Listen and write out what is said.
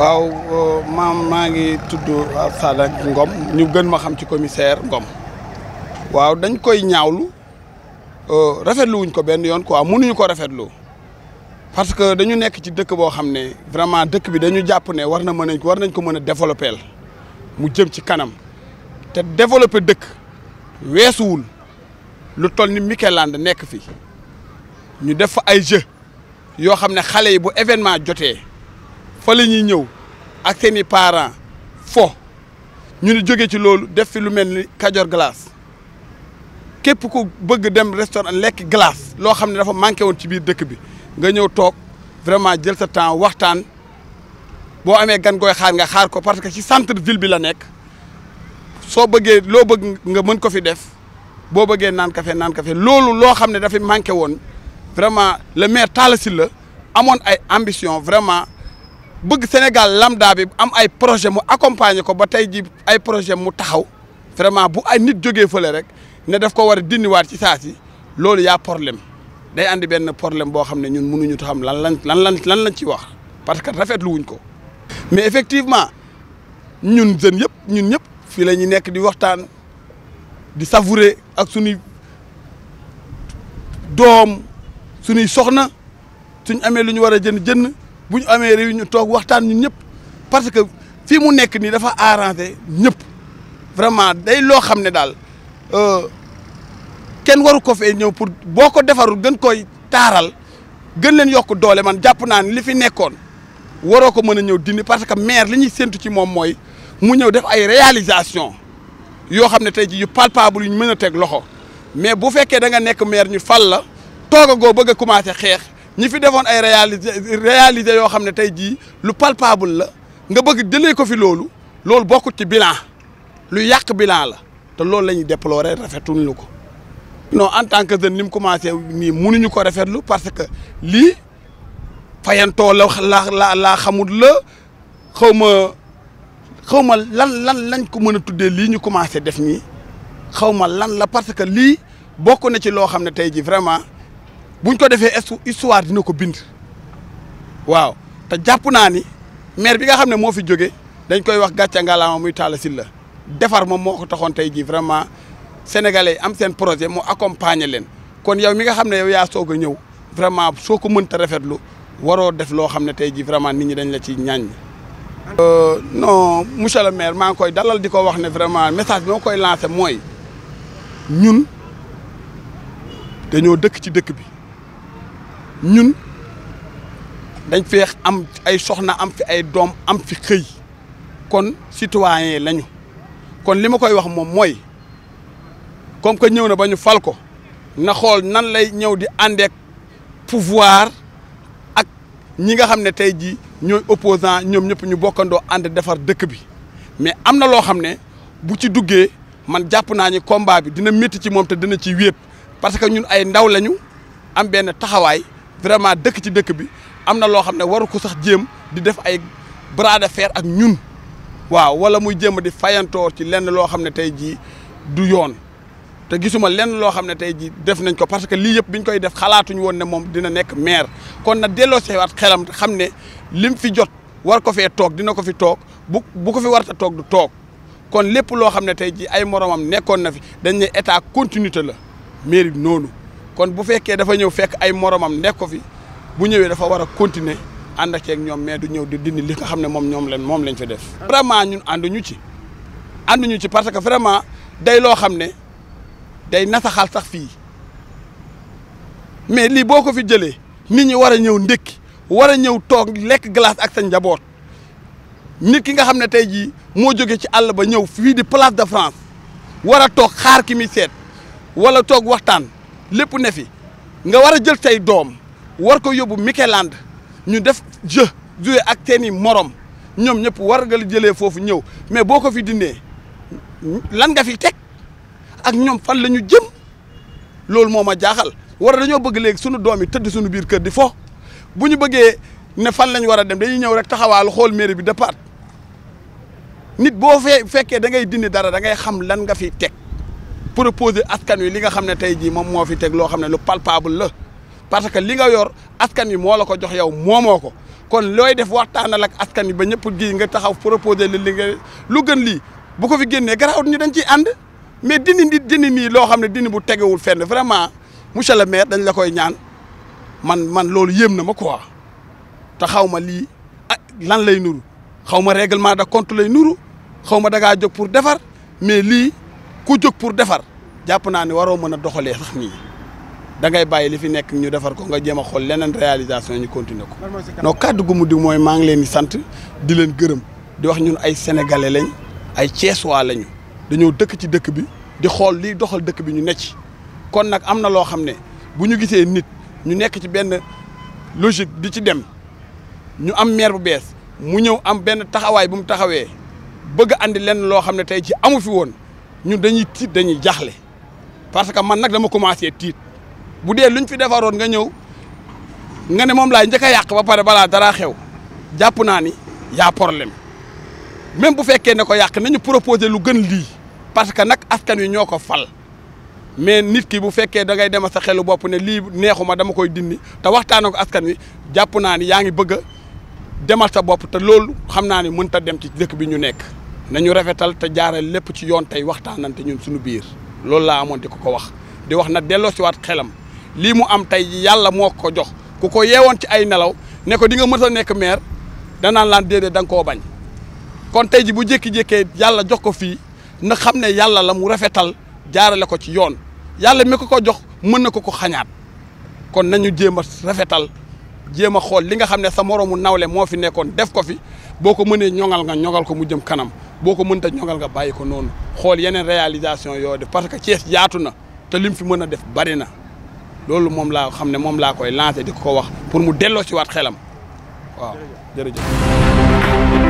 waaw maam maa ngi tudd Sada Ngom ñu gën ma xam ci commissaire Ngom waaw dañ koy ñaawlu euh, rafetlu wuñ ko benn yoon quoi mënuñu ko rafetlu parce que dañu nekk ci dëkk boo xam ne vraiment dëkk bi dañu jàpp ne war na mën a war nañ ko mën a développer mu jëm ci kanam te développer dëkk weesuwul lu tol ni Mikeland nekk fi ñu def fa ay jeux yoo xam ne xale yi bu événement jotee. wala la ñuy ñëw ak seeni i fo ñu ni jóge ci loolu def fi lu mel ni Kajoor glace képp ku bëgg dem restaurant lekk glace loo xam ne dafa manqué woon ci biir dëkk bi nga ñëw toog vraiment jël sa temps waxtaan boo amee gan gooy xaar nga xaar ko parce que ci centre ville bi la nekk soo bëggee loo bëgg nga mën ko fi def boo bëggee naan café naan café loolu loo xam ne dafa manqué woon vraiment le maire Talla si la amoon ay ambition vraiment bëgg Sénégal lambda bi am ay projet mu accompagner ko ba tey ji ay projet mu taxaw vraiment bu ay nit jógee fële rek ne def ko war a dindiwaat ci saa si loolu yaa problème day andi benn problème boo xam ne ñun mënuñu xam lan lan lan lan lan lañ ci wax parce que rafetlu wuñ ko mais effectivement ñun jeunes yëpp ñun ñëpp fii la ñuy nekk di waxtaan di savourer ak suñuy doom suñuy soxna suñ amee lu ñu war a jënd jënd bu ñu amee réunion toog waxtaan ñun ñëpp parce que fii mu nekk nii dafa arrangé ñëpp vraiment day loo xam ne daal euh, kenn waru ko fee ñëw pour boo ko defarul gën koy taaral gën leen yokk doole man jàpp naa ne li fi nekkoon waroo ko mën a ñëw dindi parce que maire li ñuy séntu ci moom mooy mu ñëw def ay réalisation yoo xam ne tey jii yu palpable yu ñu mën a teg loxo mais bu fekkee da nga nekk maire ñu fal la toog agoo bëgg a commencé xeex ñi fi defoon ay réalité réalité yoo xam ne tey jii lu palpable la nga bëgg jëlee ko fi loolu loolu bokkut ci bilan lu yàq bilan la te loolu la ñuy déplorer rafetuñu ko non en tant que jeune ni mu commencé nii mënuñu ko rafetlu parce que lii fayantoo la la la laa xamut la xaw ma xaw ma lan lan lañ ko mën a tuddee lii ñu commencé def nii xaw ma lan la parce que lii bokk na ci loo xam ne tey jii vraiment buñ ko defee histoire dina ko bind waaw te jàpp naa ni maire bi nga xam ne moo fi jóge dañ koy wax gàcce ngalaama muy Talla Sylla defar moom moo ko taxoon tey jii vraiment sénégalais am seen projet mu accompagner leen kon yow mi nga xam ne yow yaa soog a ñëw vraiment soo ko mënta rafetlu waroo def loo xam ne tey jii vraiment nit ñi dañ la ci ñaañ. Euh, non monsieur le maire maa ngi koy dalal di ko wax ne vraiment message bi ma koy lancé mooy ñun dañoo dëkk ci dëkk bi. ñun dañ feex am ay soxna am fi ay doom am fi xëy kon citoyen lañu kon li ma koy wax moom mooy comme que ñëw na ba ñu fal ko na xool nan lay ñëw di àndeek pouvoir ak ñi nga xam ne tey jii ñooy opposant ñoom ñëpp ñu bokkandoo ànd defar dëkk bi mais am na loo xam ne bu ci duggee man jàpp naa ni combat bi dina métti ci moom te dina ci wéet parce que ñun ay ndaw lañu am benn taxawaay vraiment dëkk ci dëkk bi am na loo xam ne waru ko sax jéem di def ay bras de fer ak ñun waaw wala muy jéem a di fayantoor ci lenn loo xam ne tey jii du yoon te gisuma lenn loo xam ne tey jii def nañ ko parce que lii yëpp bi ñu koy def xalaatuñ woon ne moom dina nekk maire kon na delloo seewaat xelam xam ne lim fi jot war ko fee toog dina ko fi toog bu bu ko fi war warta toog du toog kon lépp loo xam ne tey jii ay moromam nekkoon na fi dañ ne état continuité la mairie bi noonu kon bu fekkee dafa ñëw fekk ay moromam nekk ko fi bu ñëwee dafa war a continuer ànd ak ñoom mais du ñëw di dindi li nga xam ne moom ñoom leen moom lañ fi def. vraiment ñun ànduñu ci ànduñu ci parce que vraiment day loo xam ne day nasaxal sax fii mais lii boo ko fi jëlee nit ñi war a ñëw ndékki war a ñëw toog lekk glace ak sa njaboot nit ki nga xam ne tey jii moo jóge ci àll ba ñëw fii di place de France war a toog xaar ki mi seet wala toog waxtaan. lépp ne fi nga war a jël tey doom war ko yóbbu Mikeland ñu def jeu jouer ak seeni morom ñoom ñëpp war nga jëlee foofu ñëw mais boo ko fi dindee lan nga fi teg ak ñoom fan la ñu jëm loolu moom ma jaaxal war dañoo bëgg léegi sunu doom yi tëdd sunu biir kër di fo bu ñu bëggee ne fan lañ war a dem dañuy ñëw rek taxawaalu xool mairie bi départ nit boo fee fekkee da ngay dindi dara da ngay xam lan nga fi teg. proposer askan wi li nga xam ne tey jii moom moo fi teg loo xam ne lu palpable la parce que li nga yor askan wi moo la ko jox yow moo ko kon looy def waxtaan waxtaanal ak askan wi ba ñëpp gi nga taxaw proposer li li nga lu gën lii bu ko fi génnee garaawut ñu dañ ciy ànd mais dindi nit dindi nii loo xam ne dini bu tegewul fenn vraiment monsieur le maire dañ la koy ñaan man man loolu yéem na ma quoi te xaw ma lii ah lan lay nuru xaw ma règlement de compte nuru xaw ma da ngaa pour defar ku jóg pour defar jàpp naa ne waroo mën a doxalee sax nii da ngay bàyyi li fi nekk ñu defar ko nga jéem a xool leneen réalisation ñu continuer ko. non kàddu gu mujj mooy maa ngi leen di sant di leen gërëm di wax ñun ay sénégalais lañ ay ceesuwaa lañu dañoo dëkk ci dëkk bi di xool liy doxal dëkk bi ñu ne kon nag am na loo xam ne bu ñu gisee nit ñu nekk ci benn logique di ci dem ñu am maire bu bees mu ñëw am benn taxawaay bu mu taxawee bëgg andi lenn loo xam ne tey ci amu fi woon. ñun dañuy tiit dañuy jaxle parce que man nag dama commencé tiit bu dee luñ fi defaroon nga ñëw nga ne moom laa njëkk a yàq ba pare balaa dara xew jàpp naa ni yaa problème même bu fekkee ne ko yàq nañu proposé lu gën lii parce que nag askan wi ñoo ko fal mais nit ki bu fekkee da ngay dema sa xelu bopp ne lii neexuma dama koy dindi te waxtaan ak askan wi jàpp naa ni yaa ngi bëgg a demal sa bopp te loolu xam naa ne mënta dem ci dëkk bi ñu nekk nañu rafetal te jaaral lépp ci yoon tey waxtaanante ñun suñu biir loolu laa amoon di ko ko wax di wax na delloosiwaat xelam lii mu am tey yàlla moo ko jox ku ko yeewoon ci ay nelaw ne ko di nga mën nekk maire danaan laan déedéet da nga koo bañ kon tey ji bu jékki-jékkee yàlla jox ko fii na xam ne yàlla la mu rafetal jaarale ko ci yoon yàlla mi ko ko jox mën na ko ko xañaat kon nañu jéem a rafetal jéem a xool li nga xam ne sa moroomu nawle moo fi nekkoon def ko fi boo ko mënee ñoŋal nga ñoŋal ko mu jëm kanam boo ko mënta ñoŋal nga bàyyi ko noonu xool yeneen réalisation yoo def parce que Thiès yaatu na te lim fi mën a def bari na loolu moom laa xam ne moom laa koy lancé di ko wax pour mu delloo ci waat xelam waaw jërëjëf